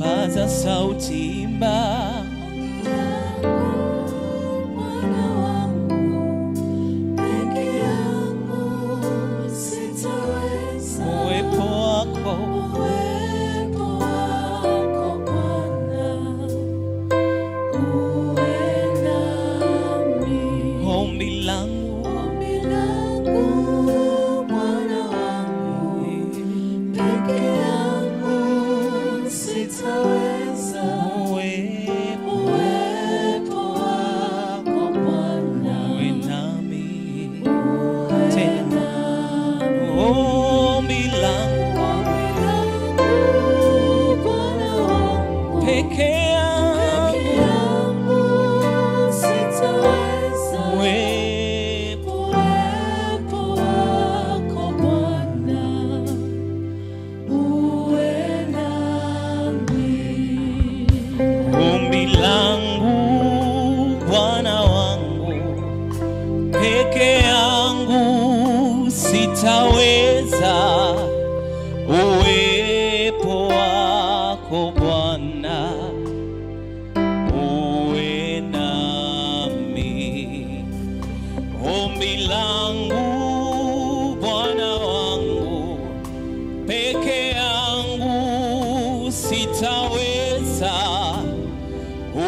paza sauti, imba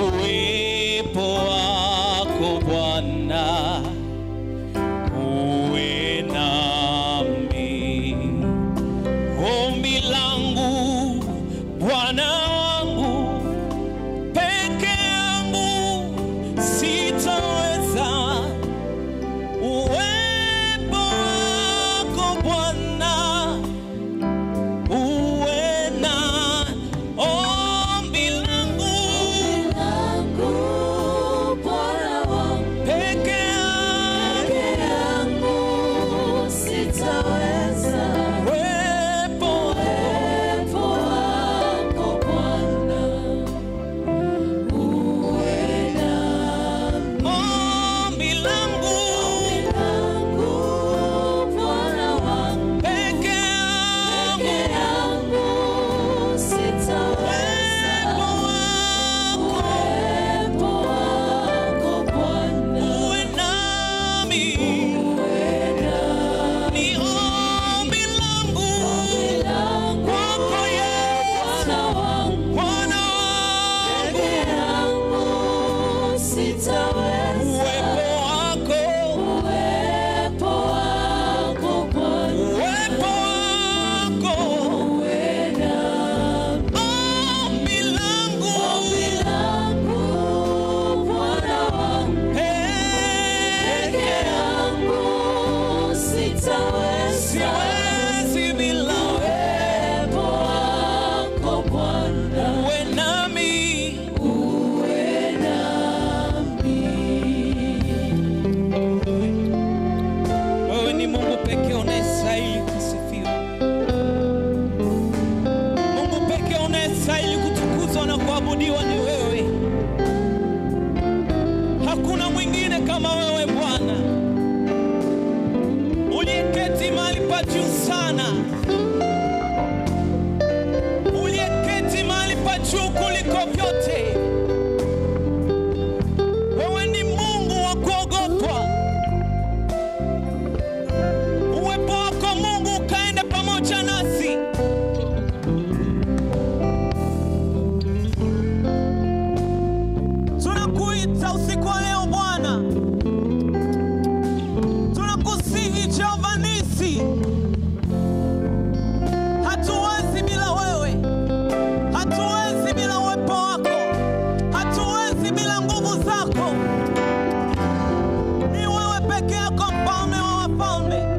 uwepo wako Bwana Oh. hata usiku wa leo Bwana, tunakusihi Jehova Nisi, hatuwezi bila wewe, hatuwezi bila uwepo wako, hatuwezi bila nguvu zako. Ni wewe peke yako, mfalme wa wafalme.